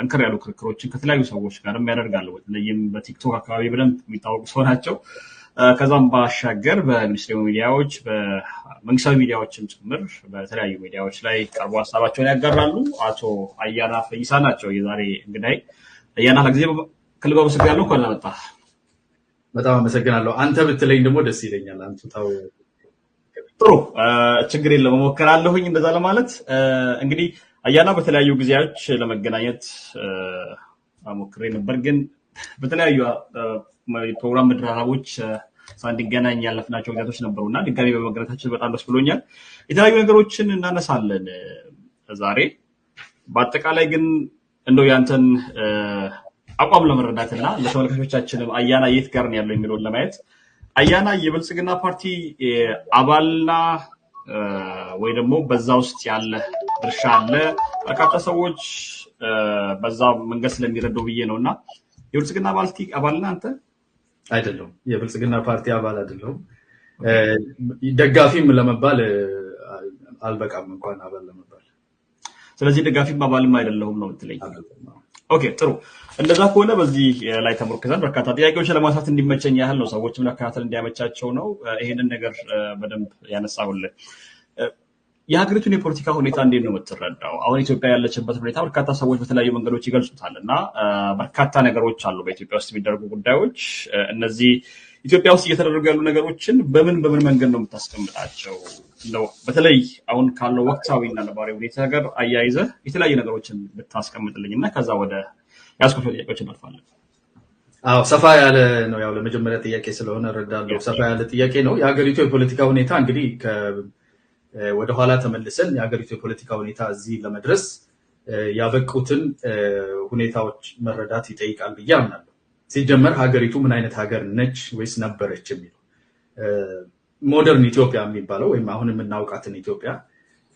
ጠንከር ያሉ ክርክሮችን ከተለያዩ ሰዎች ጋርም ያደርጋሉ። በተለይም በቲክቶክ አካባቢ በደንብ የሚታወቁ ሰው ናቸው። ከዛም ባሻገር በሚኒስትሪ ሚዲያዎች፣ በመንግስታዊ ሚዲያዎችም ጭምር በተለያዩ ሚዲያዎች ላይ ቀርቦ ሀሳባቸውን ያጋራሉ። አቶ አያና ፈይሳ ናቸው የዛሬ እንግዳይ። አያና ለጊዜ ክል አመሰግናለሁ። እንኳን መጣ። በጣም አመሰግናለሁ። አንተ ብትለኝ ደግሞ ደስ ይለኛል። አንቱ ታው ጥሩ ችግር የለም እሞክራለሁኝ እንደዛ ለማለት እንግዲህ አያና በተለያዩ ጊዜያዎች ለመገናኘት አሞክሬ ነበር፣ ግን በተለያዩ ፕሮግራም መደራረቦች እንዲገናኝ ያለፍናቸው ጊዜያቶች ነበሩ እና ድጋሚ በመገናኘታችን በጣም ደስ ብሎኛል። የተለያዩ ነገሮችን እናነሳለን ዛሬ። በአጠቃላይ ግን እንደው ያንተን አቋም ለመረዳት እና ለተመልካቾቻችንም አያና የት ጋር ነው ያለው የሚለውን ለማየት አያና የብልጽግና ፓርቲ አባልና ወይ ደግሞ በዛ ውስጥ ያለ ድርሻ አለ። በርካታ ሰዎች በዛ መንገድ ስለሚረዱ ብዬ ነው እና የብልጽግና ፓርቲ አባል ነህ አንተ? አይደለሁም። የብልጽግና ፓርቲ አባል አይደለሁም። ደጋፊም ለመባል አልበቃም እንኳን አባል ለመባል። ስለዚህ ደጋፊም አባልም አይደለሁም ነው ምትለኝ? ኦኬ ጥሩ። እንደዛ ከሆነ በዚህ ላይ ተሞርክዘን በርካታ ጥያቄዎች ለማንሳት እንዲመቸኝ ያህል ነው፣ ሰዎችም ለከታተል እንዲያመቻቸው ነው ይሄንን ነገር በደንብ ያነሳሁልን። የሀገሪቱን የፖለቲካ ሁኔታ እንዴት ነው የምትረዳው? አሁን ኢትዮጵያ ያለችበት ሁኔታ በርካታ ሰዎች በተለያዩ መንገዶች ይገልጹታል እና በርካታ ነገሮች አሉ በኢትዮጵያ ውስጥ የሚደረጉ ጉዳዮች። እነዚህ ኢትዮጵያ ውስጥ እየተደረጉ ያሉ ነገሮችን በምን በምን መንገድ ነው የምታስቀምጣቸው? እንደው በተለይ አሁን ካለው ወቅታዊና ነባሪ ሁኔታ ጋር አያይዘህ የተለያዩ ነገሮችን ብታስቀምጥልኝ እና ከዛ ወደ ያስኩት ጥያቄዎች እናልፋለን። አዎ ሰፋ ያለ ነው። ያው ለመጀመሪያ ጥያቄ ስለሆነ እረዳለሁ። ሰፋ ያለ ጥያቄ ነው። የሀገሪቱ የፖለቲካ ሁኔታ እንግዲህ ወደኋላ ተመልሰን የሀገሪቱ የፖለቲካ ሁኔታ እዚህ ለመድረስ ያበቁትን ሁኔታዎች መረዳት ይጠይቃል ብዬ አምናለሁ። ሲጀመር ሀገሪቱ ምን አይነት ሀገር ነች ወይስ ነበረች የሚለው ሞደርን ኢትዮጵያ የሚባለው ወይም አሁን የምናውቃትን ኢትዮጵያ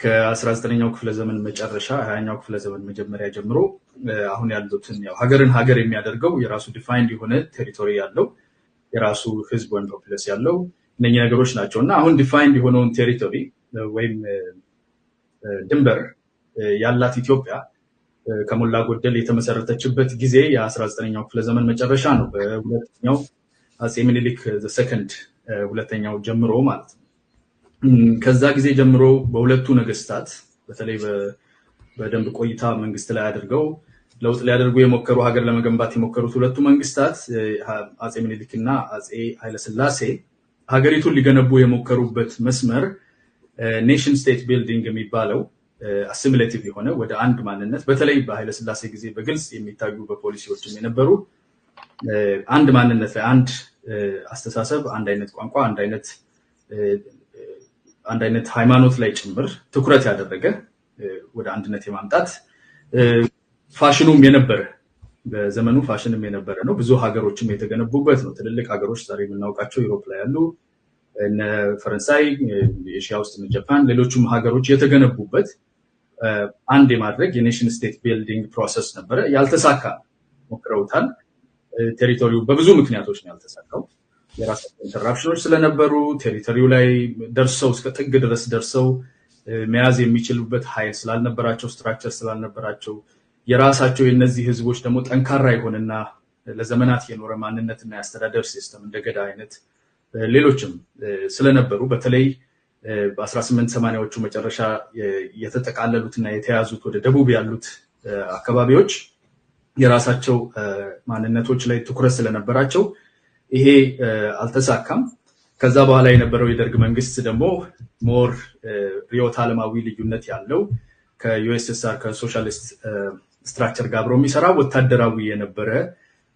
ከ19ኛው ክፍለ ዘመን መጨረሻ 20ኛው ክፍለ ዘመን መጀመሪያ ጀምሮ አሁን ያሉትን ያው ሀገርን ሀገር የሚያደርገው የራሱ ዲፋይንድ የሆነ ቴሪቶሪ ያለው የራሱ ህዝብ ወይም ፖፕለስ ያለው እነኚህ ነገሮች ናቸው እና አሁን ዲፋይንድ የሆነውን ቴሪቶሪ ወይም ድንበር ያላት ኢትዮጵያ ከሞላ ጎደል የተመሰረተችበት ጊዜ የ19ኛው ክፍለ ዘመን መጨረሻ ነው። በሁለተኛው አጼ ምኒልክ ሰከንድ ሁለተኛው ጀምሮ ማለት ነው። ከዛ ጊዜ ጀምሮ በሁለቱ ነገስታት በተለይ በደንብ ቆይታ መንግስት ላይ አድርገው ለውጥ ሊያደርጉ የሞከሩ ሀገር ለመገንባት የሞከሩት ሁለቱ መንግስታት አጼ ምኒልክ እና አጼ ኃይለስላሴ ሀገሪቱን ሊገነቡ የሞከሩበት መስመር ኔሽን ስቴት ቢልዲንግ የሚባለው አሲሚሌቲቭ የሆነ ወደ አንድ ማንነት በተለይ በኃይለስላሴ ጊዜ በግልጽ የሚታዩ በፖሊሲዎችም የነበሩ አንድ ማንነት ላይ አንድ አስተሳሰብ፣ አንድ አይነት ቋንቋ፣ አንድ አይነት ሃይማኖት ላይ ጭምር ትኩረት ያደረገ ወደ አንድነት የማምጣት ፋሽኑም የነበረ በዘመኑ ፋሽንም የነበረ ነው። ብዙ ሀገሮችም የተገነቡበት ነው። ትልልቅ ሀገሮች ዛሬ የምናውቃቸው ዩሮፕ ላይ ያሉ እነ ፈረንሳይ፣ ኤሽያ ውስጥ እነ ጃፓን፣ ሌሎቹም ሀገሮች የተገነቡበት አንድ የማድረግ የኔሽን ስቴት ቢልዲንግ ፕሮሰስ ነበረ። ያልተሳካ ሞክረውታል። ቴሪቶሪው በብዙ ምክንያቶች ነው ያልተሳካው። የራሳቸው ኢንተራፕሽኖች ስለነበሩ ቴሪቶሪው ላይ ደርሰው እስከ ጥግ ድረስ ደርሰው መያዝ የሚችሉበት ኃይል ስላልነበራቸው፣ ስትራክቸር ስላልነበራቸው የራሳቸው የእነዚህ ህዝቦች ደግሞ ጠንካራ የሆነና ለዘመናት የኖረ ማንነትና የአስተዳደር ሲስተም እንደገዳ አይነት ሌሎችም ስለነበሩ በተለይ በ1880ዎቹ መጨረሻ የተጠቃለሉትና የተያዙት ወደ ደቡብ ያሉት አካባቢዎች የራሳቸው ማንነቶች ላይ ትኩረት ስለነበራቸው ይሄ አልተሳካም። ከዛ በኋላ የነበረው የደርግ መንግስት ደግሞ ሞር ሪዮት ዓለማዊ ልዩነት ያለው ከዩኤስኤስአር ከሶሻሊስት ስትራክቸር ጋር አብሮ የሚሰራ ወታደራዊ የነበረ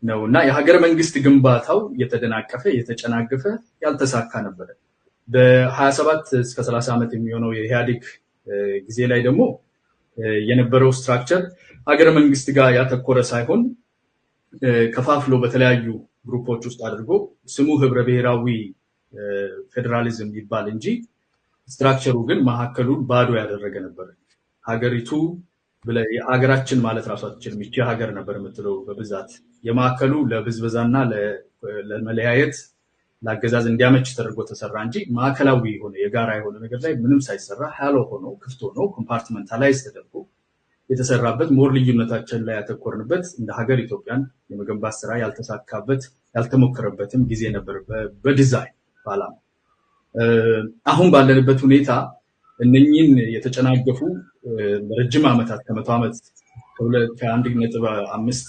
ነው እና የሀገረ መንግስት ግንባታው የተደናቀፈ የተጨናገፈ ያልተሳካ ነበረ። በ27 እስከ 30 ዓመት የሚሆነው የኢህአዴግ ጊዜ ላይ ደግሞ የነበረው ስትራክቸር ሀገረ መንግስት ጋር ያተኮረ ሳይሆን ከፋፍሎ በተለያዩ ግሩፖች ውስጥ አድርጎ ስሙ ህብረ ብሔራዊ ፌዴራሊዝም ይባል እንጂ ስትራክቸሩ ግን መካከሉን ባዶ ያደረገ ነበር። ሀገሪቱ ሀገራችን ማለት ራሷችን የሚቻ ሀገር ነበር የምትለው በብዛት የማዕከሉ ለብዝበዛና ለመለያየት ለአገዛዝ እንዲያመች ተደርጎ ተሰራ እንጂ ማዕከላዊ የሆነ የጋራ የሆነ ነገር ላይ ምንም ሳይሰራ ሀያሎ ሆኖ ክፍት ሆኖ ኮምፓርትመንታላይዝ ተደርጎ የተሰራበት ሞር ልዩነታችን ላይ ያተኮርንበት እንደ ሀገር ኢትዮጵያን የመገንባት ስራ ያልተሳካበት ያልተሞከረበትም ጊዜ ነበር። በዲዛይን በዓላማ አሁን ባለንበት ሁኔታ እነኚህን የተጨናገፉ ረጅም ዓመታት ከመቶ ዓመት ከአንድ ነጥብ አምስት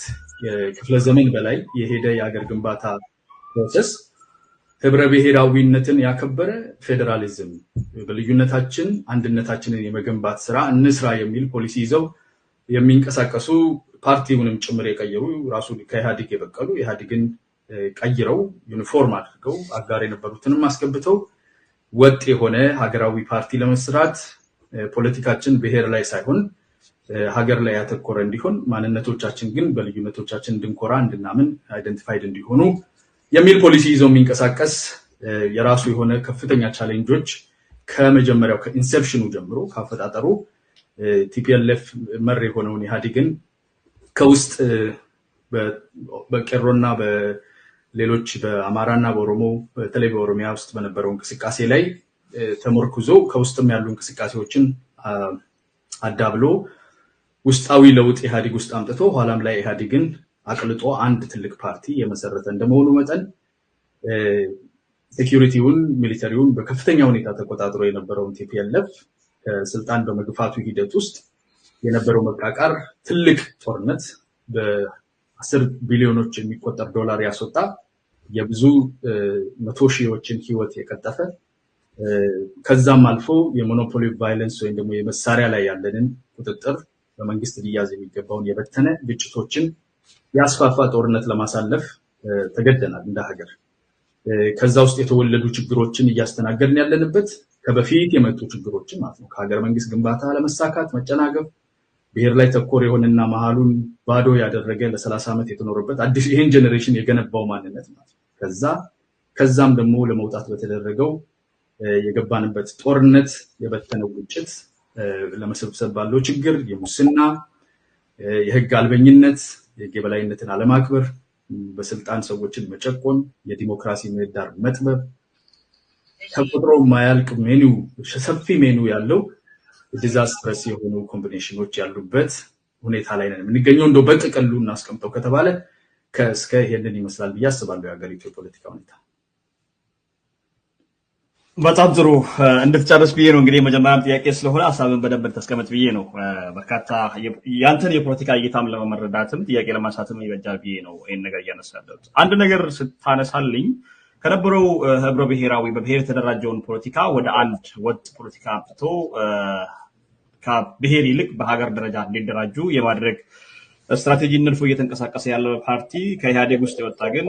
ክፍለ ዘመን በላይ የሄደ የሀገር ግንባታ ፕሮሰስ ህብረ ብሔራዊነትን ያከበረ ፌዴራሊዝም፣ በልዩነታችን አንድነታችንን የመገንባት ስራ እንስራ የሚል ፖሊሲ ይዘው የሚንቀሳቀሱ ፓርቲውንም ጭምር የቀየሩ ራሱ ከኢህአዲግ የበቀሉ ኢህአዲግን ቀይረው ዩኒፎርም አድርገው አጋር የነበሩትንም አስገብተው ወጥ የሆነ ሀገራዊ ፓርቲ ለመስራት ፖለቲካችን ብሔር ላይ ሳይሆን ሀገር ላይ ያተኮረ እንዲሆን ማንነቶቻችን ግን በልዩነቶቻችን እንድንኮራ እንድናምን አይደንቲፋይድ እንዲሆኑ የሚል ፖሊሲ ይዞ የሚንቀሳቀስ የራሱ የሆነ ከፍተኛ ቻሌንጆች ከመጀመሪያው ከኢንሴፕሽኑ ጀምሮ ከአፈጣጠሩ ቲፒኤልኤፍ መር የሆነውን ኢህአዴግን ከውስጥ በቄሮና በሌሎች በአማራና በኦሮሞ በተለይ በኦሮሚያ ውስጥ በነበረው እንቅስቃሴ ላይ ተሞርኩዞ ከውስጥም ያሉ እንቅስቃሴዎችን አዳብሎ ውስጣዊ ለውጥ ኢህአዴግ ውስጥ አምጥቶ ኋላም ላይ ኢህአዴግን አቅልጦ አንድ ትልቅ ፓርቲ የመሰረተ እንደመሆኑ መጠን ሴኪሪቲውን ሚሊተሪውን በከፍተኛ ሁኔታ ተቆጣጥሮ የነበረውን ቲፒኤልኤፍ ከስልጣን በመግፋቱ ሂደት ውስጥ የነበረው መቃቃር ትልቅ ጦርነት በአስር ቢሊዮኖች የሚቆጠር ዶላር ያስወጣ የብዙ መቶ ሺዎችን ህይወት የቀጠፈ ከዛም አልፎ የሞኖፖሊ ቫይለንስ ወይም ደግሞ የመሳሪያ ላይ ያለንን ቁጥጥር በመንግስት ሊያዝ የሚገባውን የበተነ ግጭቶችን ያስፋፋ ጦርነት ለማሳለፍ ተገደናል እንደ ሀገር። ከዛ ውስጥ የተወለዱ ችግሮችን እያስተናገድን ያለንበት ከበፊት የመጡ ችግሮችን ማለት ነው። ከሀገር መንግስት ግንባታ ለመሳካት መጨናገፍ፣ ብሔር ላይ ተኮር የሆነና መሀሉን ባዶ ያደረገ ለሰላሳ ዓመት የተኖረበት አዲስ ይህን ጀኔሬሽን የገነባው ማንነት ማለት ነው። ከዛ ከዛም ደግሞ ለመውጣት በተደረገው የገባንበት ጦርነት የበተነው ግጭት ለመሰብሰብ ባለው ችግር የሙስና፣ የህግ አልበኝነት፣ የህግ የበላይነትን አለማክበር፣ በስልጣን ሰዎችን መጨቆን፣ የዲሞክራሲ ምህዳር መጥበብ ተቆጥሮ የማያልቅ ሜኑ ሰፊ ሜኑ ያለው ዲዛስትረስ የሆኑ ኮምቢኔሽኖች ያሉበት ሁኔታ ላይ ነን የምንገኘው። እንደው በጥቅሉ እናስቀምጠው ከተባለ ከእስከ ይሄንን ይመስላል ብዬ አስባለሁ የሀገሪቱ የፖለቲካ ሁኔታ። በጣም ጥሩ እንድትጨርስ ብዬ ነው። እንግዲህ መጀመሪያም ጥያቄ ስለሆነ ሀሳብን በደንብ ተስቀመጥ ብዬ ነው። በርካታ ያንተን የፖለቲካ እይታም ለመረዳትም ጥያቄ ለማንሳትም ይበጃል ብዬ ነው ይህን ነገር እያነሳ ያለሁት። አንድ ነገር ስታነሳልኝ ከነበረው ህብረ ብሔራዊ በብሔር የተደራጀውን ፖለቲካ ወደ አንድ ወጥ ፖለቲካ አምጥቶ ከብሔር ይልቅ በሀገር ደረጃ እንዲደራጁ የማድረግ ስትራቴጂ ነድፎ እየተንቀሳቀሰ ያለ ፓርቲ ከኢህአዴግ ውስጥ የወጣ ግን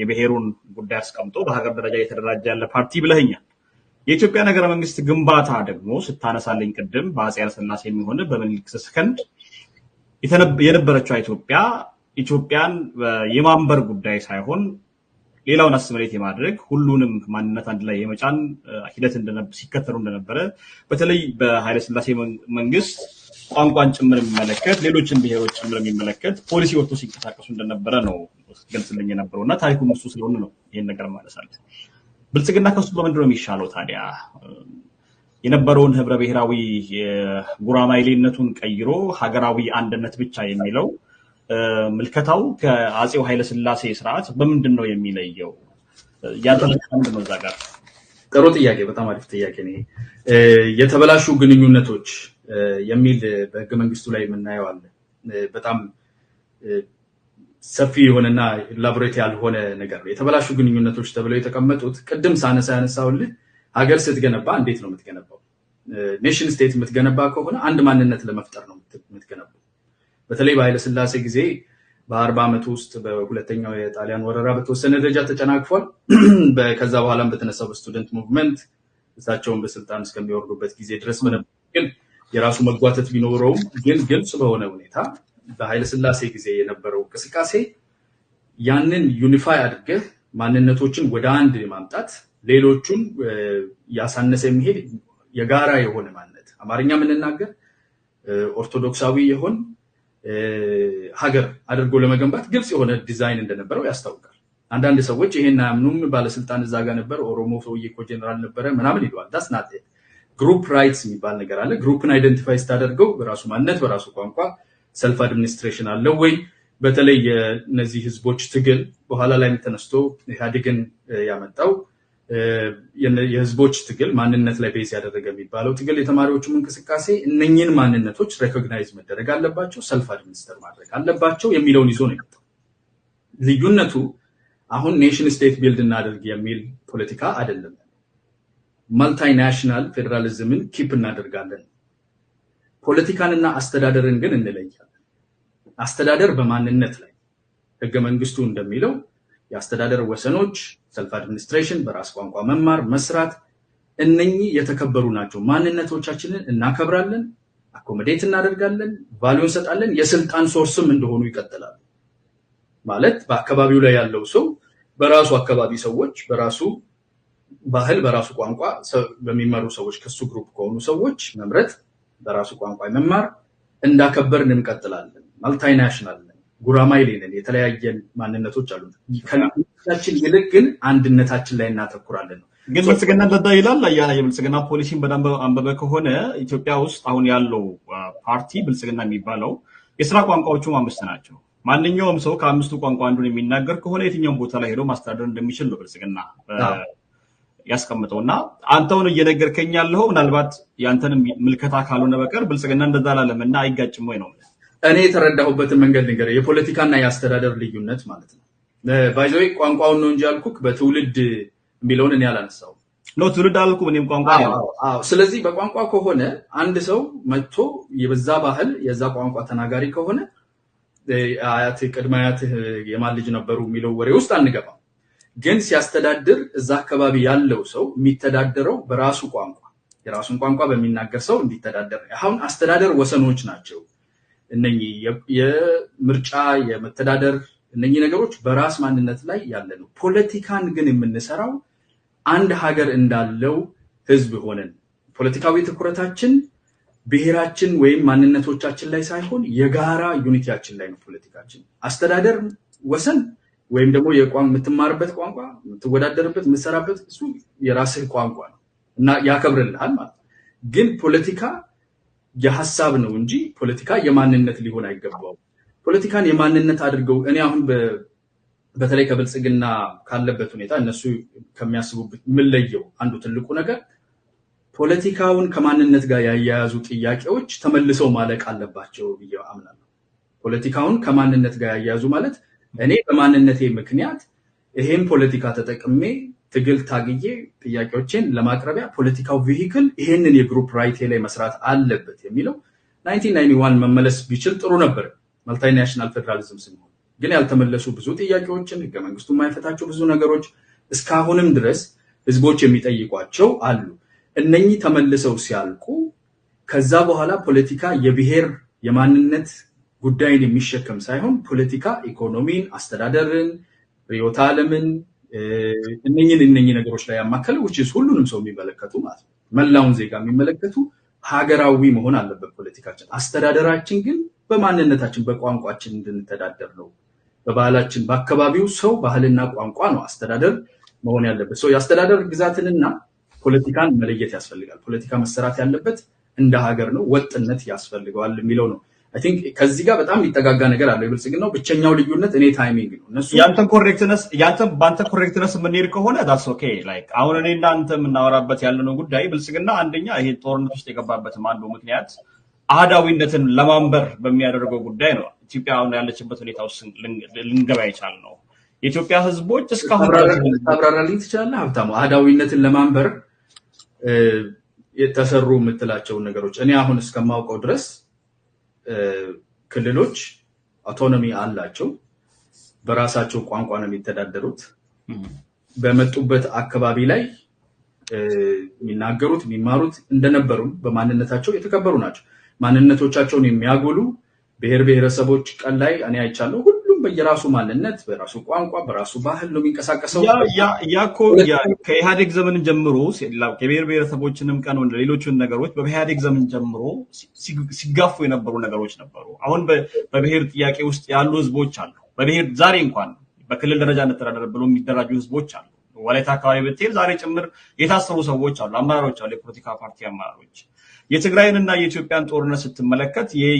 የብሔሩን ጉዳይ አስቀምጦ በሀገር ደረጃ እየተደራጀ ያለ ፓርቲ ብለህኛል። የኢትዮጵያ ነገረ መንግስት ግንባታ ደግሞ ስታነሳለኝ ቅድም በአፄ ኃይለሥላሴ የሚሆን በምኒልክ ስስከንድ የነበረችው ኢትዮጵያ ኢትዮጵያን የማንበር ጉዳይ ሳይሆን ሌላውን አስመሬት የማድረግ ሁሉንም ማንነት አንድ ላይ የመጫን ሂደት ሲከተሉ እንደነበረ በተለይ በኃይለሥላሴ መንግስት ቋንቋን ጭምር የሚመለከት ሌሎችን ብሔሮች ጭምር የሚመለከት ፖሊሲ ወጥቶ ሲንቀሳቀሱ እንደነበረ ነው ገልጽልኝ የነበረው እና ታሪኩ እሱ ስለሆነ ነው ይህን ነገር ማነሳለት። ብልጽግና ከሱ በምንድ ነው የሚሻለው ታዲያ? የነበረውን ህብረ ብሔራዊ ጉራማይሌነቱን ቀይሮ ሀገራዊ አንድነት ብቻ የሚለው ምልከታው ከአፄው ኃይለስላሴ ስርዓት በምንድን ነው የሚለየው? ያንተ ነው እዛ ጋር? ጥሩ ጥያቄ፣ በጣም አሪፍ ጥያቄ። የተበላሹ ግንኙነቶች የሚል በህገ መንግስቱ ላይ የምናየው አለ። በጣም ሰፊ የሆነና ኢላቦሬት ያልሆነ ነገር ነው። የተበላሹ ግንኙነቶች ተብለው የተቀመጡት ቅድም ሳነሳ ያነሳውልህ ሀገር ስትገነባ እንዴት ነው የምትገነባው? ኔሽን ስቴት የምትገነባ ከሆነ አንድ ማንነት ለመፍጠር ነው የምትገነባው። በተለይ በኃይለስላሴ ጊዜ በአርባ ዓመቱ ውስጥ በሁለተኛው የጣሊያን ወረራ በተወሰነ ደረጃ ተጨናግፏል። ከዛ በኋላም በተነሳው በስቱደንት ሙቭመንት እሳቸውን በስልጣን እስከሚወርዱበት ጊዜ ድረስ ግን የራሱ መጓተት ቢኖረውም ግን ግልጽ በሆነ ሁኔታ በኃይለስላሴ ጊዜ የነበረው እንቅስቃሴ ያንን ዩኒፋይ አድርገህ ማንነቶችን ወደ አንድ ማምጣት ሌሎቹን ያሳነሰ የሚሄድ የጋራ የሆነ ማንነት አማርኛ የምንናገር ኦርቶዶክሳዊ የሆን ሀገር አድርጎ ለመገንባት ግልጽ የሆነ ዲዛይን እንደነበረው ያስታውቃል። አንዳንድ ሰዎች ይሄን አያምኑም። ባለስልጣን እዛ ጋር ነበር፣ ኦሮሞ ሰውዬ እኮ ጀነራል ነበረ ምናምን ይለዋል። ዳስ ናት ግሩፕ ራይትስ የሚባል ነገር አለ። ግሩፕን አይደንቲፋይ ስታደርገው በራሱ ማንነት በራሱ ቋንቋ ሰልፍ አድሚኒስትሬሽን አለው ወይ? በተለይ የእነዚህ ህዝቦች ትግል በኋላ ላይም ተነስቶ ኢህአዴግን ያመጣው የህዝቦች ትግል ማንነት ላይ ቤዝ ያደረገ የሚባለው ትግል የተማሪዎቹም እንቅስቃሴ እነኝን ማንነቶች ሬኮግናይዝ መደረግ አለባቸው፣ ሰልፍ አድሚኒስተር ማድረግ አለባቸው የሚለውን ይዞ ነው የመጣው። ልዩነቱ አሁን ኔሽን ስቴት ቢልድ እናደርግ የሚል ፖለቲካ አይደለም። ማልታይናሽናል ፌዴራሊዝምን ኪፕ እናደርጋለን ፖለቲካንና አስተዳደርን ግን እንለያለን። አስተዳደር በማንነት ላይ ህገ መንግስቱ እንደሚለው የአስተዳደር ወሰኖች፣ ሰልፍ አድሚኒስትሬሽን፣ በራስ ቋንቋ መማር መስራት፣ እነኚህ የተከበሩ ናቸው። ማንነቶቻችንን እናከብራለን፣ አኮሞዴት እናደርጋለን፣ ቫሉ እንሰጣለን። የስልጣን ሶርስም እንደሆኑ ይቀጥላሉ። ማለት በአካባቢው ላይ ያለው ሰው በራሱ አካባቢ ሰዎች በራሱ ባህል በራሱ ቋንቋ በሚመሩ ሰዎች ከሱ ግሩፕ ከሆኑ ሰዎች መምረጥ በራሱ ቋንቋ መማር እንዳከበርን እንቀጥላለን። ማልታይናሽናል ነን፣ ጉራማይሌ ነን፣ የተለያየን ማንነቶች አሉ። ከችን ይልቅ ግን አንድነታችን ላይ እናተኩራለን ነው። ግን ብልጽግና እንደዛ ይላል አያና የብልጽግና ፖሊሲን በደንብ አንበበ ከሆነ ኢትዮጵያ ውስጥ አሁን ያለው ፓርቲ ብልጽግና የሚባለው የስራ ቋንቋዎቹ አምስት ናቸው። ማንኛውም ሰው ከአምስቱ ቋንቋ አንዱን የሚናገር ከሆነ የትኛውም ቦታ ላይ ሄዶ ማስተዳደር እንደሚችል ነው ብልጽግና ያስቀምጠው እና አንተውን እየነገርከኝ ያለው ምናልባት ያንተን ምልከታ ካልሆነ በቀር ብልጽግና እንደዛ አላለም እና አይጋጭም ወይ ነው እኔ የተረዳሁበትን መንገድ ንገር የፖለቲካና የአስተዳደር ልዩነት ማለት ነው። ባይዘዌ ቋንቋውን ነው እንጂ አልኩክ በትውልድ የሚለውን እኔ አላነሳሁም። ኖ ትውልድ አልኩ እኔም ቋንቋ። ስለዚህ በቋንቋ ከሆነ አንድ ሰው መጥቶ የበዛ ባህል የዛ ቋንቋ ተናጋሪ ከሆነ አያትህ ቅድመ አያትህ የማን ልጅ ነበሩ የሚለው ወሬ ውስጥ አንገባም። ግን ሲያስተዳድር እዛ አካባቢ ያለው ሰው የሚተዳደረው በራሱ ቋንቋ የራሱን ቋንቋ በሚናገር ሰው እንዲተዳደር። አሁን አስተዳደር ወሰኖች ናቸው እነኚህ የምርጫ የመተዳደር እነኚህ ነገሮች በራስ ማንነት ላይ ያለ ነው። ፖለቲካን ግን የምንሰራው አንድ ሀገር እንዳለው ህዝብ ሆነን ፖለቲካዊ ትኩረታችን ብሔራችን ወይም ማንነቶቻችን ላይ ሳይሆን የጋራ ዩኒቲያችን ላይ ነው ፖለቲካችን። አስተዳደር ወሰን ወይም ደግሞ የምትማርበት ቋንቋ የምትወዳደርበት የምትሰራበት እሱ የራስህ ቋንቋ ነው እና ያከብርልሃል ማለት ነው። ግን ፖለቲካ የሀሳብ ነው እንጂ ፖለቲካ የማንነት ሊሆን አይገባው። ፖለቲካን የማንነት አድርገው እኔ አሁን በተለይ ከብልጽግና ካለበት ሁኔታ እነሱ ከሚያስቡበት የምለየው አንዱ ትልቁ ነገር ፖለቲካውን ከማንነት ጋር ያያያዙ ጥያቄዎች ተመልሰው ማለቅ አለባቸው ብዬ አምናለሁ። ፖለቲካውን ከማንነት ጋር ያያያዙ ማለት እኔ በማንነቴ ምክንያት ይሄን ፖለቲካ ተጠቅሜ ትግል ታግዬ ጥያቄዎችን ለማቅረቢያ ፖለቲካው ቪሂክል ይሄንን የግሩፕ ራይቴ ላይ መስራት አለበት የሚለው 1991 መመለስ ቢችል ጥሩ ነበር። ማልታናሽናል ፌዴራሊዝም ስንሆን ግን ያልተመለሱ ብዙ ጥያቄዎችን ህገ መንግስቱ የማይፈታቸው ብዙ ነገሮች እስካሁንም ድረስ ህዝቦች የሚጠይቋቸው አሉ። እነኚህ ተመልሰው ሲያልቁ ከዛ በኋላ ፖለቲካ የብሔር የማንነት ጉዳይን የሚሸከም ሳይሆን ፖለቲካ ኢኮኖሚን፣ አስተዳደርን፣ ርዕዮተ ዓለምን እነኝን እነኝህ ነገሮች ላይ ያማከለ ውችስ ሁሉንም ሰው የሚመለከቱ ማለት ነው። መላውን ዜጋ የሚመለከቱ ሀገራዊ መሆን አለበት ፖለቲካችን። አስተዳደራችን ግን በማንነታችን በቋንቋችን እንድንተዳደር ነው። በባህላችን በአካባቢው ሰው ባህልና ቋንቋ ነው አስተዳደር መሆን ያለበት። ሰው የአስተዳደር ግዛትንና ፖለቲካን መለየት ያስፈልጋል። ፖለቲካ መሰራት ያለበት እንደ ሀገር ነው፣ ወጥነት ያስፈልገዋል የሚለው ነው። ቲንክ ከዚህ ጋር በጣም የሚጠጋጋ ነገር አለው። የብልጽግናው ብቸኛው ልዩነት እኔ ታይሚንግ ነው። እነሱ ያንተን ኮሬክትነስ ያንተን ኮሬክትነስ የምንሄድ ከሆነ ዳስ ኦኬ። ላይክ አሁን እኔ እና አንተ የምናወራበት ያለነው ጉዳይ ብልጽግና አንደኛ ይሄ ጦርነት ውስጥ የገባበትም አንዱ ምክንያት አህዳዊነትን ለማንበር በሚያደርገው ጉዳይ ነው። ኢትዮጵያ አሁን ያለችበት ሁኔታ ውስጥ ልንገባ ይቻል ነው። የኢትዮጵያ ህዝቦች እስካሁን ታብራራልኝ ትችላለህ ሀብታሙ? አህዳዊነትን ለማንበር የተሰሩ የምትላቸውን ነገሮች እኔ አሁን እስከማውቀው ድረስ ክልሎች አውቶኖሚ አላቸው። በራሳቸው ቋንቋ ነው የሚተዳደሩት። በመጡበት አካባቢ ላይ የሚናገሩት የሚማሩት እንደነበሩ በማንነታቸው የተከበሩ ናቸው። ማንነቶቻቸውን የሚያጎሉ ብሔር ብሔረሰቦች ቀን ላይ እኔ አይቻለሁ። በየራሱ ማንነት በራሱ ቋንቋ በራሱ ባህል ነው የሚንቀሳቀሰው። ያ እኮ ከኢህአዴግ ዘመን ጀምሮ የብሔር ብሔረሰቦችንም ቀን ሌሎችን ነገሮች በኢህአዴግ ዘመን ጀምሮ ሲጋፉ የነበሩ ነገሮች ነበሩ። አሁን በብሔር ጥያቄ ውስጥ ያሉ ህዝቦች አሉ። በብሔር ዛሬ እንኳን በክልል ደረጃ እንተዳደር ብሎ የሚደራጁ ህዝቦች አሉ። ወላይታ አካባቢ ብትሄድ ዛሬ ጭምር የታሰሩ ሰዎች አሉ፣ አመራሮች አሉ፣ የፖለቲካ ፓርቲ አመራሮች የትግራይንና የኢትዮጵያን ጦርነት ስትመለከት ይህ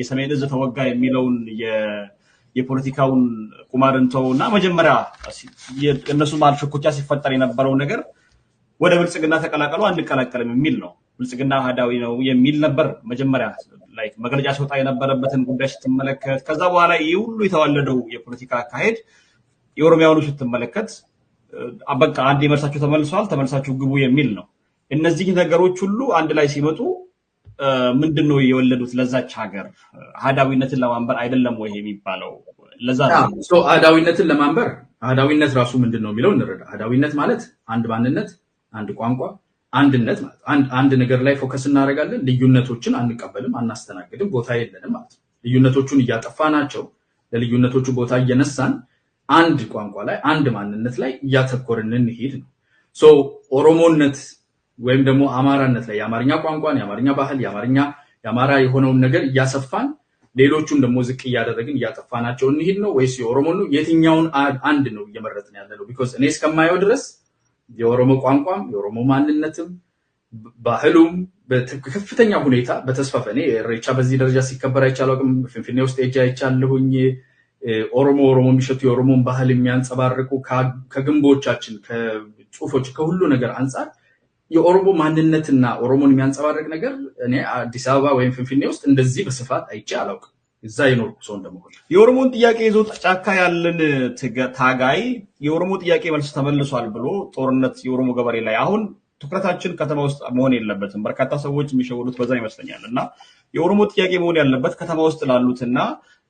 የሰሜን እዝ ተወጋ የሚለውን የፖለቲካውን ቁማርንተው እና መጀመሪያ እነሱ መሀል ሽኩቻ ሲፈጠር የነበረው ነገር ወደ ብልጽግና ተቀላቀሉ አንቀላቀልም የሚል ነው። ብልጽግና አህዳዊ ነው የሚል ነበር መጀመሪያ ላይ መግለጫ ሲወጣ የነበረበትን ጉዳይ ስትመለከት። ከዛ በኋላ ይህ ሁሉ የተዋለደው የፖለቲካ አካሄድ የኦሮሚያውኑ ስትመለከት በቃ አንድ የመልሳችሁ ተመልሰዋል ተመልሳችሁ ግቡ የሚል ነው። እነዚህ ነገሮች ሁሉ አንድ ላይ ሲመጡ ምንድን ነው የወለዱት? ለዛች ሀገር አህዳዊነትን ለማንበር አይደለም ወይ የሚባለው? ለዛ አህዳዊነትን ለማንበር አህዳዊነት ራሱ ምንድን ነው የሚለው እንረዳ። አህዳዊነት ማለት አንድ ማንነት፣ አንድ ቋንቋ፣ አንድነት ማለት አንድ ነገር ላይ ፎከስ እናደርጋለን። ልዩነቶችን አንቀበልም፣ አናስተናግድም፣ ቦታ የለንም ማለት ነው። ልዩነቶቹን እያጠፋ ናቸው ለልዩነቶቹ ቦታ እየነሳን አንድ ቋንቋ ላይ አንድ ማንነት ላይ እያተኮርን እንሄድ ነው ኦሮሞነት ወይም ደግሞ አማራነት ላይ የአማርኛ ቋንቋን፣ የአማርኛ ባህል፣ የአማርኛ የአማራ የሆነውን ነገር እያሰፋን ሌሎቹን ደግሞ ዝቅ እያደረግን እያጠፋናቸው እንሂድ ነው ወይስ የኦሮሞ ነው? የትኛውን አንድ ነው እየመረጥን ያለ ነው? ቢኮዝ እኔ እስከማየው ድረስ የኦሮሞ ቋንቋም የኦሮሞ ማንነትም ባህሉም በከፍተኛ ሁኔታ በተስፋፈ እኔ ኢሬቻ በዚህ ደረጃ ሲከበር አይቻለው። ፍንፍኔ ውስጥ ሄጄ አይቻለሁኝ። ኦሮሞ ኦሮሞ የሚሸቱ የኦሮሞን ባህል የሚያንጸባርቁ ከግንቦቻችን ከጽሁፎች ከሁሉ ነገር አንጻር የኦሮሞ ማንነትና ኦሮሞን የሚያንጸባርቅ ነገር እኔ አዲስ አበባ ወይም ፍንፍኔ ውስጥ እንደዚህ በስፋት አይቼ አላውቅም። እዛ የኖርኩ ሰው እንደመሆን የኦሮሞን ጥያቄ ይዞ ጫካ ያለን ታጋይ የኦሮሞ ጥያቄ መልስ ተመልሷል ብሎ ጦርነት የኦሮሞ ገበሬ ላይ አሁን ትኩረታችን ከተማ ውስጥ መሆን የለበትም። በርካታ ሰዎች የሚሸወዱት በዛ ይመስለኛል። እና የኦሮሞ ጥያቄ መሆን ያለበት ከተማ ውስጥ ላሉትና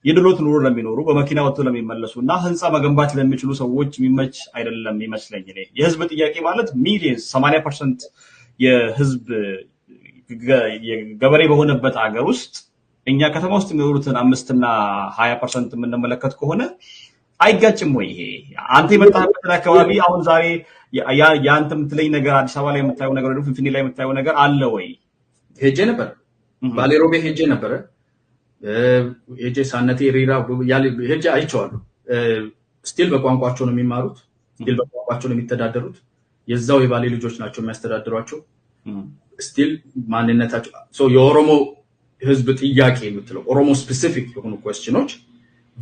የድሎት ኑሮ ለሚኖሩ በመኪና ወጥቶ ለሚመለሱ እና ህንፃ መገንባት ለሚችሉ ሰዎች የሚመች አይደለም ይመስለኝ። እኔ የህዝብ ጥያቄ ማለት ሚሊየንስ ሰማንያ ፐርሰንት የህዝብ ገበሬ በሆነበት ሀገር ውስጥ እኛ ከተማ ውስጥ የሚኖሩትን አምስትና ሀያ ፐርሰንት የምንመለከት ከሆነ አይጋጭም ወይ? ይሄ አንተ የመጣበትን አካባቢ አሁን ዛሬ የአንተ የምትለኝ ነገር አዲስ አበባ ላይ የምታየው ነገር፣ ፍንፍኔ ላይ የምታየው ነገር አለ ወይ? ሄጄ ነበር ባሌ ሄጄ ነበረ ሄጄ ሳነቴ ሪራ ሄጄ አይቸዋሉ። ስቲል በቋንቋቸው ነው የሚማሩት፣ ስቲል በቋንቋቸው ነው የሚተዳደሩት። የዛው የባሌ ልጆች ናቸው የሚያስተዳድሯቸው። ስቲል ማንነታቸው የኦሮሞ ህዝብ ጥያቄ የምትለው ኦሮሞ ስፔሲፊክ የሆኑ ኮስችኖች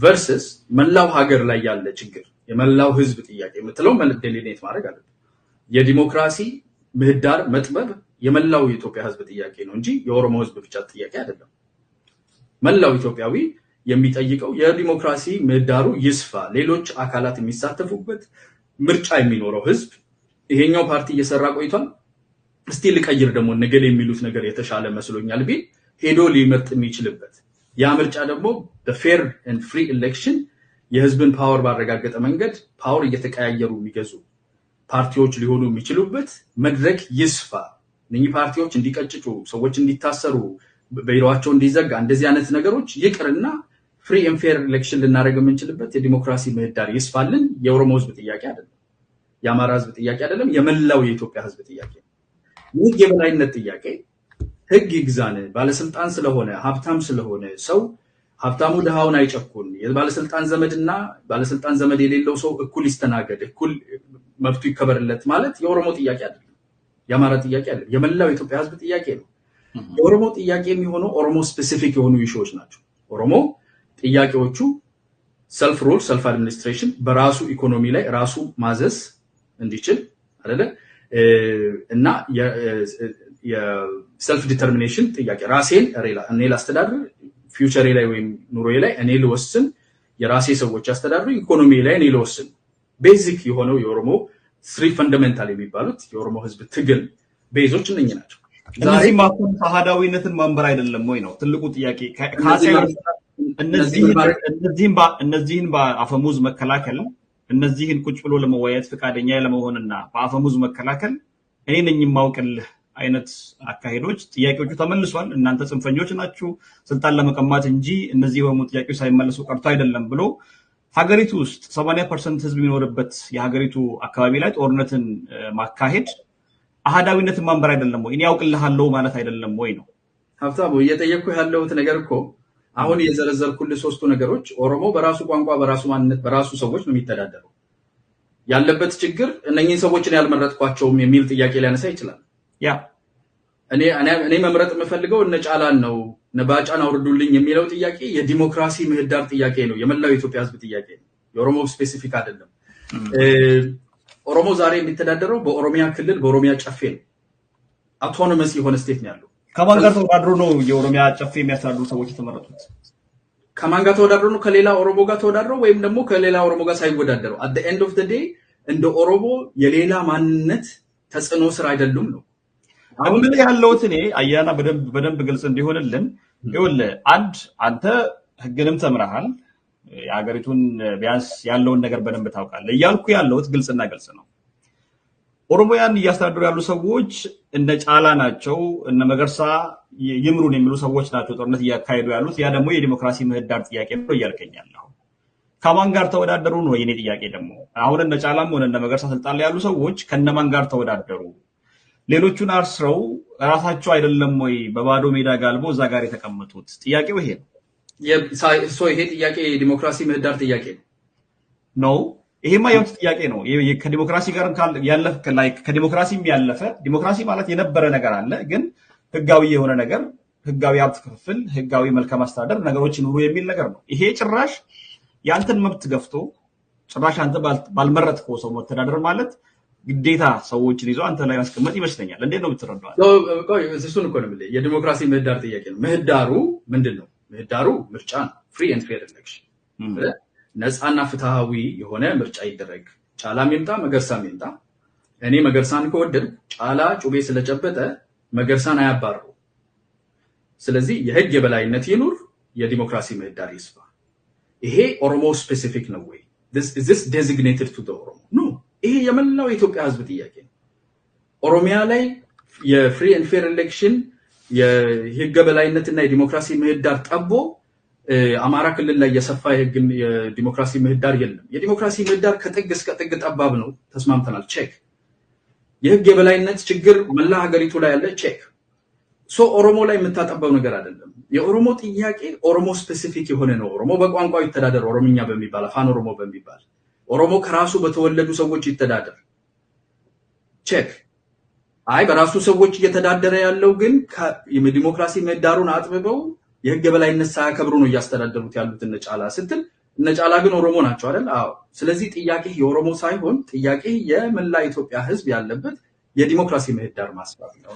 ቨርስስ መላው ሀገር ላይ ያለ ችግር የመላው ህዝብ ጥያቄ የምትለው ዴሊኔት ማድረግ አለብን። የዲሞክራሲ ምህዳር መጥበብ የመላው የኢትዮጵያ ህዝብ ጥያቄ ነው እንጂ የኦሮሞ ህዝብ ብቻ ጥያቄ አይደለም። መላው ኢትዮጵያዊ የሚጠይቀው የዲሞክራሲ ምህዳሩ ይስፋ፣ ሌሎች አካላት የሚሳተፉበት ምርጫ የሚኖረው ህዝብ ይሄኛው ፓርቲ እየሰራ ቆይቷል፣ እስቲ ልቀይር ደግሞ ነገል የሚሉት ነገር የተሻለ መስሎኛል ቢል ሄዶ ሊመርጥ የሚችልበት ያ ምርጫ ደግሞ በፌር ኤንድ ፍሪ ኤሌክሽን የህዝብን ፓወር ባረጋገጠ መንገድ ፓወር እየተቀያየሩ የሚገዙ ፓርቲዎች ሊሆኑ የሚችሉበት መድረክ ይስፋ። እነኚህ ፓርቲዎች እንዲቀጭጩ፣ ሰዎች እንዲታሰሩ ቢሮአቸው እንዲዘጋ እንደዚህ አይነት ነገሮች ይቅርና ፍሪ ኤንድ ፌር ኤሌክሽን ልናደርግ የምንችልበት የዲሞክራሲ ምህዳር ይስፋልን። የኦሮሞ ህዝብ ጥያቄ አይደለም፣ የአማራ ህዝብ ጥያቄ አይደለም፣ የመላው የኢትዮጵያ ህዝብ ጥያቄ ነው። የበላይነት ጥያቄ ህግ ይግዛን። ባለስልጣን ስለሆነ ሀብታም ስለሆነ ሰው ሀብታሙ ድሃውን አይጨኩን። የባለስልጣን ዘመድና ባለስልጣን ዘመድ የሌለው ሰው እኩል ይስተናገድ፣ እኩል መብቱ ይከበርለት ማለት የኦሮሞ ጥያቄ አይደለም፣ የአማራ ጥያቄ አይደለም፣ የመላው የኢትዮጵያ ህዝብ ጥያቄ ነው። የኦሮሞ ጥያቄ የሚሆነው ኦሮሞ ስፔሲፊክ የሆኑ ኢሹዎች ናቸው። ኦሮሞ ጥያቄዎቹ ሰልፍ ሮል ሰልፍ አድሚኒስትሬሽን በራሱ ኢኮኖሚ ላይ ራሱ ማዘዝ እንዲችል አለ እና የሰልፍ ዲተርሚኔሽን ጥያቄ ራሴን እኔ ላስተዳድር ፊውቸሬ ላይ ወይም ኑሮዬ ላይ እኔ ልወስን፣ የራሴ ሰዎች ያስተዳድሩ፣ ኢኮኖሚ ላይ እኔ ልወስን። ቤዚክ የሆነው የኦሮሞ ስሪ ፈንዳሜንታል የሚባሉት የኦሮሞ ህዝብ ትግል ቤዞች እነኝ ናቸው። እነዚህ ማኮን አህዳዊነትን ማንበር አይደለም ወይ ነው ትልቁ ጥያቄ። እነዚህን በአፈሙዝ መከላከል እነዚህን ቁጭ ብሎ ለመወያየት ፈቃደኛ ለመሆንና በአፈሙዝ መከላከል እኔ ነኝ የማውቅልህ አይነት አካሄዶች ጥያቄዎቹ ተመልሷል። እናንተ ጽንፈኞች ናችሁ ስልጣን ለመቀማት እንጂ እነዚህ የሆኑ ጥያቄዎች ሳይመለሱ ቀርቶ አይደለም ብሎ ሀገሪቱ ውስጥ ሰማንያ ፐርሰንት ህዝብ የሚኖርበት የሀገሪቱ አካባቢ ላይ ጦርነትን ማካሄድ አህዳዊነትን ማንበር አይደለም ወይ? እኔ ያውቅልሃለሁ ማለት አይደለም ወይ ነው ሀብታሙ። እየጠየቅኩ ያለሁት ነገር እኮ አሁን የዘረዘርኩልህ ሶስቱ ነገሮች ኦሮሞ በራሱ ቋንቋ፣ በራሱ ማንነት፣ በራሱ ሰዎች ነው የሚተዳደረው። ያለበት ችግር እነኝህን ሰዎችን ያልመረጥኳቸውም የሚል ጥያቄ ሊያነሳ ይችላል። ያ እኔ መምረጥ የምፈልገው እነ ጫላን ነው እነ ባጫን አውርዱልኝ የሚለው ጥያቄ የዲሞክራሲ ምህዳር ጥያቄ ነው። የመላው የኢትዮጵያ ሕዝብ ጥያቄ ነው። የኦሮሞ ስፔሲፊክ አይደለም። ኦሮሞ ዛሬ የሚተዳደረው በኦሮሚያ ክልል በኦሮሚያ ጨፌ ነው። አውቶኖመስ የሆነ ስቴት ነው ያለው። ከማን ጋር ተወዳድሮ ነው የኦሮሚያ ጨፌ የሚያስተዳድሩ ሰዎች የተመረጡት? ከማን ጋር ተወዳድሮ ነው? ከሌላ ኦሮሞ ጋር ተወዳድሮ ወይም ደግሞ ከሌላ ኦሮሞ ጋር ሳይወዳደረው አት ኤንድ ኦፍ ዴይ እንደ ኦሮሞ የሌላ ማንነት ተጽዕኖ ስር አይደሉም ነው አሁን ያለውት እኔ አያና በደንብ ግልጽ እንዲሆንልን ይኸውልህ አንድ አንተ ህግንም ተምረሃል የሀገሪቱን ቢያንስ ያለውን ነገር በደንብ ታውቃለህ እያልኩ ያለሁት ግልጽና ግልጽ ነው። ኦሮሞያን እያስተዳደሩ ያሉ ሰዎች እነ ጫላ ናቸው፣ እነ መገርሳ ይምሩን የሚሉ ሰዎች ናቸው ጦርነት እያካሄዱ ያሉት። ያ ደግሞ የዲሞክራሲ ምህዳር ጥያቄ ነው እያልከኛለሁ። ከማን ጋር ተወዳደሩ ነው የኔ ጥያቄ ደግሞ። አሁን እነ ጫላም ሆነ እነ መገርሳ ስልጣን ላይ ያሉ ሰዎች ከነማን ጋር ተወዳደሩ? ሌሎቹን አስረው እራሳቸው አይደለም ወይ በባዶ ሜዳ ጋልቦ እዛ ጋር የተቀመጡት? ጥያቄው ይሄ ነው። እርሶ ይሄ ጥያቄ የዲሞክራሲ ምህዳር ጥያቄ ነው። ይሄማ የመብት ጥያቄ ነው። ከዲሞክራሲ ጋር ከዲሞክራሲም ያለፈ ዲሞክራሲ ማለት የነበረ ነገር አለ፣ ግን ህጋዊ የሆነ ነገር ህጋዊ ሀብት ክፍፍል፣ ህጋዊ መልካም አስተዳደር፣ ነገሮች ኑሩ የሚል ነገር ነው። ይሄ ጭራሽ የአንተን መብት ገፍቶ ጭራሽ አንተ ባልመረጥከው ሰው መተዳደር ማለት ግዴታ ሰዎችን ይዞ አንተ ላይ ማስቀመጥ ይመስለኛል። እንዴት ነው የምትረዳዋል? እሱን እኮ ነው የዲሞክራሲ ምህዳር ጥያቄ ነው። ምህዳሩ ምንድን ነው? ምህዳሩ ምርጫ ነው። ፍሪ ኤንድ ፌር ኤሌክሽን፣ ነፃና ፍትሃዊ የሆነ ምርጫ ይደረግ። ጫላ ይምጣ መገርሳ ሚምጣ፣ እኔ መገርሳን ከወደድኩ ጫላ ጩቤ ስለጨበጠ መገርሳን አያባርሩ። ስለዚህ የህግ የበላይነት ይኑር፣ የዲሞክራሲ ምህዳር ይስፋ። ይሄ ኦሮሞ ስፔሲፊክ ነው ወይ? ስ ዴዚግኔትድ ቱ ኦሮሞ ኖ። ይሄ የመላው የኢትዮጵያ ህዝብ ጥያቄ ነው። ኦሮሚያ ላይ የፍሪ ኤንድ ፌር ኤሌክሽን የህገ በላይነትና የዲሞክራሲ ምህዳር ጠቦ አማራ ክልል ላይ የሰፋ የዲሞክራሲ ምህዳር የለም። የዲሞክራሲ ምህዳር ከጥግ እስከ ጥግ ጠባብ ነው። ተስማምተናል። ቼክ። የህግ የበላይነት ችግር መላ ሀገሪቱ ላይ ያለ ቼክ። ሶ ኦሮሞ ላይ የምታጠበው ነገር አይደለም። የኦሮሞ ጥያቄ ኦሮሞ ስፔሲፊክ የሆነ ነው። ኦሮሞ በቋንቋው ይተዳደር፣ ኦሮምኛ በሚባል አፋን ኦሮሞ በሚባል ኦሮሞ ከራሱ በተወለዱ ሰዎች ይተዳደር። ቼክ አይ በራሱ ሰዎች እየተዳደረ ያለው ግን ዲሞክራሲ ምህዳሩን አጥብበው የህግ የበላይነት ሳያከብሩ ነው እያስተዳደሩት ያሉት እነጫላ ስትል እነጫላ ግን ኦሮሞ ናቸው አይደል? አዎ። ስለዚህ ጥያቄ የኦሮሞ ሳይሆን ጥያቄ የመላ ኢትዮጵያ ህዝብ ያለበት የዲሞክራሲ ምህዳር ማስፋት ነው።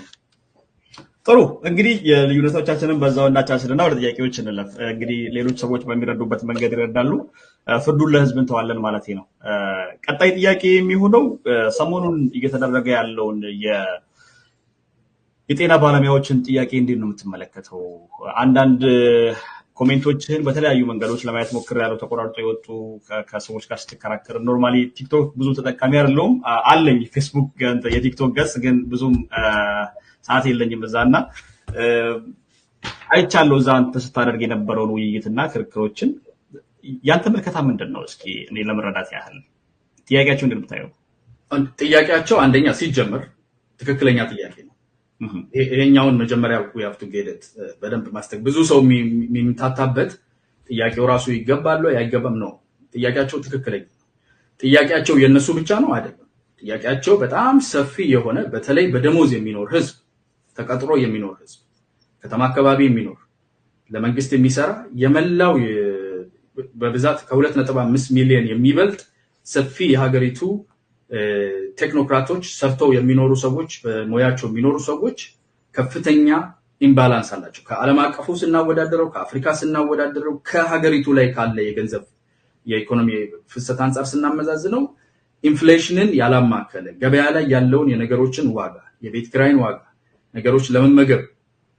ጥሩ እንግዲህ የልዩነቶቻችንን በዛው እናቻችልና ወደ ጥያቄዎች እንለፍ። እንግዲህ ሌሎች ሰዎች በሚረዱበት መንገድ ይረዳሉ። ፍርዱን ለህዝብ እንተዋለን ማለት ነው። ቀጣይ ጥያቄ የሚሆነው ሰሞኑን እየተደረገ ያለውን የጤና ባለሙያዎችን ጥያቄ እንዴት ነው የምትመለከተው? አንዳንድ ኮሜንቶችህን በተለያዩ መንገዶች ለማየት ሞክር ያለው ተቆራርጦ የወጡ ከሰዎች ጋር ስትከራከር፣ ኖርማሊ ቲክቶክ ብዙ ተጠቃሚ አይደለሁም አለኝ ፌስቡክ፣ የቲክቶክ ገጽ ግን ብዙም ሰዓት የለኝም እዛ እና አይቻለሁ እዛ አንተ ስታደርግ የነበረውን ውይይትና ክርክሮችን ያንተ ምልከታ ምንድን ነው? እስኪ እኔ ለመረዳት ያህል ጥያቄያቸው እንደምታየው ጥያቄያቸው አንደኛ ሲጀምር ትክክለኛ ጥያቄ ነው። ይሄኛውን መጀመሪያ ያፍቱ ጌደት uh, በደንብ ማስተግ ብዙ ሰው የሚምታታበት ጥያቄው ራሱ ይገባሉ አይገባም ነው። ጥያቄያቸው ትክክለኛ ነው። ጥያቄያቸው የእነሱ ብቻ ነው አይደለም። ጥያቄያቸው በጣም ሰፊ የሆነ በተለይ በደሞዝ የሚኖር ህዝብ፣ ተቀጥሮ የሚኖር ህዝብ፣ ከተማ አካባቢ የሚኖር ለመንግስት የሚሰራ የመላው በብዛት ከ2.5 ሚሊዮን የሚበልጥ ሰፊ የሀገሪቱ ቴክኖክራቶች ሰርተው የሚኖሩ ሰዎች በሙያቸው የሚኖሩ ሰዎች ከፍተኛ ኢምባላንስ አላቸው። ከዓለም አቀፉ ስናወዳደረው፣ ከአፍሪካ ስናወዳደረው፣ ከሀገሪቱ ላይ ካለ የገንዘብ የኢኮኖሚ ፍሰት አንጻር ስናመዛዝነው ኢንፍሌሽንን ያላማከለ ገበያ ላይ ያለውን የነገሮችን ዋጋ የቤት ክራይን ዋጋ ነገሮች ለመመገብ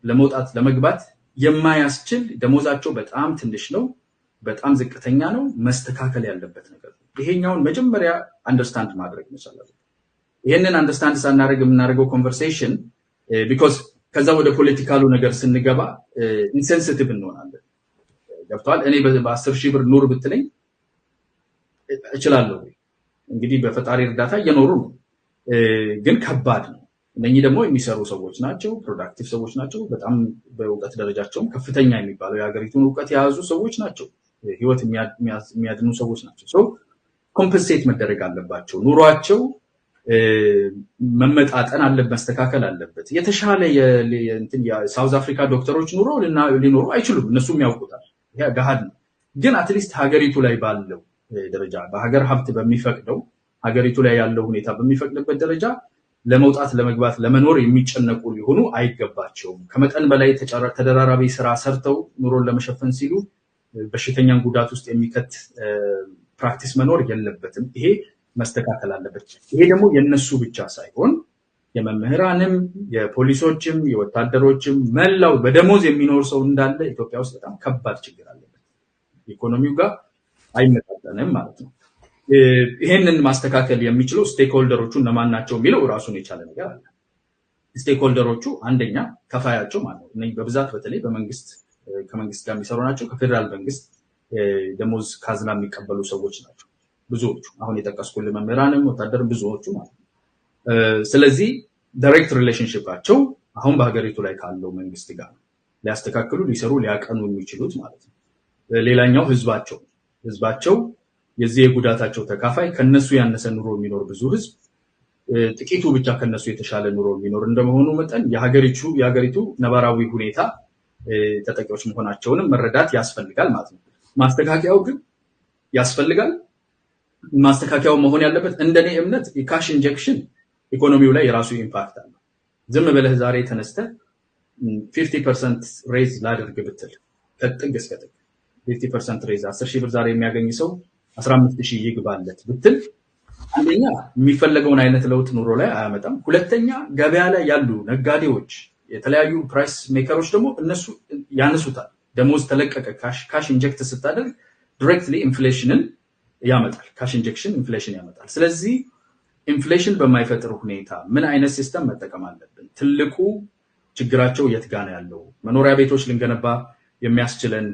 ለመውጣት ለመግባት የማያስችል ደሞዛቸው በጣም ትንሽ ነው። በጣም ዝቅተኛ ነው። መስተካከል ያለበት ነገር ነው። ይሄኛውን መጀመሪያ አንደርስታንድ ማድረግ መቻል ይህንን አንደርስታንድ ሳናደርግ የምናደርገው ኮንቨርሴሽን ቢኮዝ eh, ከዛ ወደ ፖለቲካሉ ነገር ስንገባ ኢንሴንስቲቭ eh, እንሆናለን። ገብተዋል። እኔ በአስር ሺህ ብር ኑር ብትለኝ እችላለሁ። እንግዲህ በፈጣሪ እርዳታ እየኖሩ ነው፣ eh, ግን ከባድ ነው። እነኚህ ደግሞ የሚሰሩ ሰዎች ናቸው፣ ፕሮዳክቲቭ ሰዎች ናቸው። በጣም በእውቀት ደረጃቸውም ከፍተኛ የሚባለው የሀገሪቱን እውቀት የያዙ ሰዎች ናቸው። ህይወት የሚያድኑ ሰዎች ናቸው። ሰው ኮምፐንሴት መደረግ አለባቸው። ኑሯቸው መመጣጠን አለበት፣ መስተካከል አለበት። የተሻለ የሳውዝ አፍሪካ ዶክተሮች ኑሮ ሊኖሩ አይችሉም። እነሱም ያውቁታል፣ ገሃድ ነው። ግን አትሊስት ሀገሪቱ ላይ ባለው ደረጃ በሀገር ሀብት በሚፈቅደው ሀገሪቱ ላይ ያለው ሁኔታ በሚፈቅድበት ደረጃ ለመውጣት ለመግባት ለመኖር የሚጨነቁ ሊሆኑ አይገባቸውም። ከመጠን በላይ ተደራራቢ ስራ ሰርተው ኑሮን ለመሸፈን ሲሉ በሽተኛን ጉዳት ውስጥ የሚከት ፕራክቲስ መኖር የለበትም። ይሄ መስተካከል አለበት። ይሄ ደግሞ የነሱ ብቻ ሳይሆን የመምህራንም፣ የፖሊሶችም፣ የወታደሮችም መላው በደሞዝ የሚኖር ሰው እንዳለ ኢትዮጵያ ውስጥ በጣም ከባድ ችግር አለበት። ኢኮኖሚው ጋር አይመጣጠንም ማለት ነው። ይሄንን ማስተካከል የሚችለው ስቴክሆልደሮቹ እነማን ናቸው የሚለው እራሱን የቻለ ነገር አለ። ስቴክሆልደሮቹ አንደኛ ከፋያቸው ማለት ነው። በብዛት በተለይ በመንግስት ከመንግስት ጋር የሚሰሩ ናቸው። ከፌዴራል መንግስት ደሞዝ ካዝና የሚቀበሉ ሰዎች ናቸው ብዙዎቹ። አሁን የጠቀስኩ መምህራንም ወታደር ብዙዎቹ ማለት ነው። ስለዚህ ዳይሬክት ሪሌሽንሽፓቸው አሁን በሀገሪቱ ላይ ካለው መንግስት ጋር ሊያስተካክሉ፣ ሊሰሩ፣ ሊያቀኑ የሚችሉት ማለት ነው። ሌላኛው ህዝባቸው ህዝባቸው የዚህ የጉዳታቸው ተካፋይ ከነሱ ያነሰ ኑሮ የሚኖር ብዙ ህዝብ ጥቂቱ ብቻ ከነሱ የተሻለ ኑሮ የሚኖር እንደመሆኑ መጠን የሀገሪቱ ነባራዊ ሁኔታ ተጠቂዎች መሆናቸውንም መረዳት ያስፈልጋል ማለት ነው። ማስተካከያው ግን ያስፈልጋል። ማስተካከያው መሆን ያለበት እንደኔ እምነት የካሽ ኢንጀክሽን ኢኮኖሚው ላይ የራሱ ኢምፓክት አለው። ዝም ብለህ ዛሬ ተነስተ ፊፍቲ ፐርሰንት ሬዝ ላድርግ ብትል ከጥግ እስከ ጥግ ፊፍቲ ፐርሰንት ሬዝ አስር ሺህ ብር ዛሬ የሚያገኝ ሰው አስራ አምስት ሺህ ይግባለት ብትል አንደኛ የሚፈለገውን አይነት ለውጥ ኑሮ ላይ አያመጣም። ሁለተኛ ገበያ ላይ ያሉ ነጋዴዎች የተለያዩ ፕራይስ ሜከሮች ደግሞ እነሱ ያነሱታል። ደሞዝ ተለቀቀ፣ ካሽ ኢንጀክት ስታደርግ ዲሬክትሊ ኢንፍሌሽንን ያመጣል። ካሽ ኢንጀክሽን ኢንፍሌሽን ያመጣል። ስለዚህ ኢንፍሌሽን በማይፈጥር ሁኔታ ምን አይነት ሲስተም መጠቀም አለብን? ትልቁ ችግራቸው የት ጋ ነው ያለው? መኖሪያ ቤቶች ልንገነባ የሚያስችለን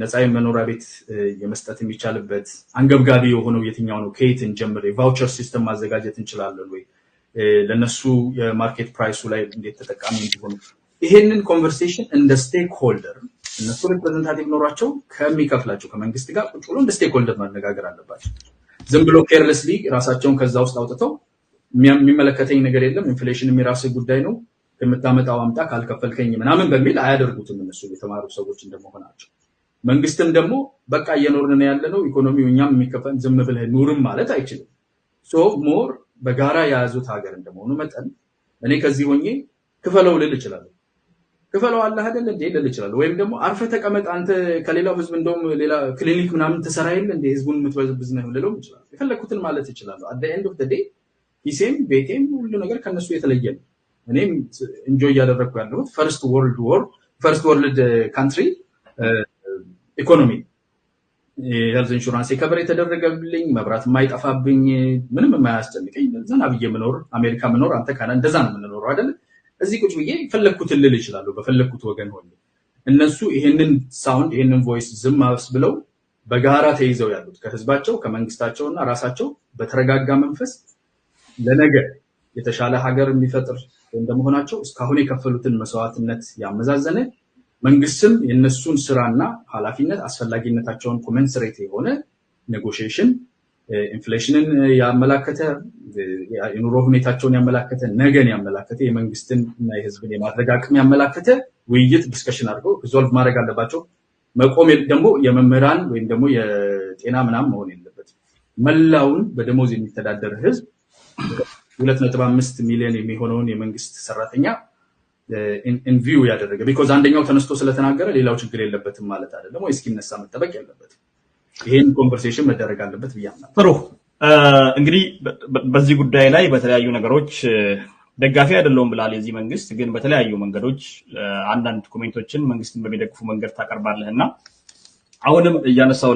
ነፃ መኖሪያ ቤት የመስጠት የሚቻልበት አንገብጋቢ የሆነው የትኛው ነው? ከየት እንጀምር? የቫውቸር ሲስተም ማዘጋጀት እንችላለን ወይ? ለነሱ የማርኬት ፕራይሱ ላይ እንዴት ተጠቃሚ እንዲሆኑ ይሄንን ኮንቨርሴሽን እንደ ስቴክ ሆልደር እነሱ ሪፕሬዘንታቲቭ ኖሯቸው ከሚከፍላቸው ከመንግስት ጋር ቁጭ ብሎ እንደ ስቴክ ሆልደር መነጋገር አለባቸው። ዝም ብሎ ኬርለስሊ ራሳቸውን ከዛ ውስጥ አውጥተው የሚመለከተኝ ነገር የለም ኢንፍሌሽን የራስ ጉዳይ ነው የምታመጣው አምጣ ካልከፈልከኝ ምናምን በሚል አያደርጉትም። እነሱ የተማሩ ሰዎች እንደመሆናቸው መንግስትም ደግሞ በቃ እየኖርን ያለነው ኢኮኖሚው እኛም የሚከፈል ዝም ብለህ ኑርም ማለት አይችልም ሞር በጋራ የያዙት ሀገር እንደመሆኑ መጠን እኔ ከዚህ ሆኜ ክፈለው ልል እችላለሁ። ክፈለው አለ አይደል እንዴ ልል እችላለሁ። ወይም ደግሞ አርፈ ተቀመጥ አንተ ከሌላው ህዝብ እንደውም ሌላ ክሊኒክ ምናምን ትሰራ የለ እንደ ህዝቡን የምትበዝብዝ ነው ልለው እችላለሁ። የፈለግኩትን ማለት እችላለሁ። አደ ኤንድ ኦፍ ደይ ሂሴም ቤቴም ሁሉ ነገር ከነሱ የተለየ ነው። እኔም እንጆ እያደረግኩ ያለሁት ፈርስት ወርልድ ወር ፈርስት ወርልድ ካንትሪ ኢኮኖሚ የሄልዝ ኢንሹራንስ ከበር የተደረገልኝ መብራት የማይጠፋብኝ ምንም የማያስጨንቀኝ ዘና ብዬ ምኖር አሜሪካ ምኖር አንተ ካ እንደዛ ነው የምንኖረው አይደለ? እዚህ ቁጭ ብዬ ፈለግኩት ልል ይችላሉ በፈለግኩት ወገን ሆ እነሱ ይሄንን ሳውንድ ይሄንን ቮይስ ዝም አስ ብለው በጋራ ተይዘው ያሉት ከህዝባቸው ከመንግስታቸውና ራሳቸው በተረጋጋ መንፈስ ለነገ የተሻለ ሀገር የሚፈጥር እንደመሆናቸው እስካሁን የከፈሉትን መስዋዕትነት ያመዛዘነ መንግስትም የእነሱን ስራና ኃላፊነት አስፈላጊነታቸውን ኮመንስሬት የሆነ ኔጎሽሽን ኢንፍሌሽንን ያመላከተ የኑሮ ሁኔታቸውን ያመላከተ ነገን ያመላከተ የመንግስትን እና የህዝብን የማድረግ አቅም ያመላከተ ውይይት ዲስከሽን አድርገው ሪዞልቭ ማድረግ አለባቸው። መቆም ደግሞ የመምህራን ወይም ደግሞ የጤና ምናም መሆን የለበት። መላውን በደሞዝ የሚተዳደር ህዝብ ሁለት ነጥብ አምስት ሚሊዮን የሚሆነውን የመንግስት ሰራተኛ ኢንቪው ያደረገ ቢኮዝ አንደኛው ተነስቶ ስለተናገረ ሌላው ችግር የለበትም ማለት አይደለም፣ ወይ እስኪነሳ መጠበቅ የለበትም። ይሄን ኮንቨርሴሽን መደረግ አለበት ብያምናል። ጥሩ እንግዲህ በዚህ ጉዳይ ላይ በተለያዩ ነገሮች ደጋፊ አይደለውም ብላል የዚህ መንግስት ግን በተለያዩ መንገዶች አንዳንድ ኮሜንቶችን መንግስትን በሚደግፉ መንገድ ታቀርባለህ እና አሁንም እያነሳው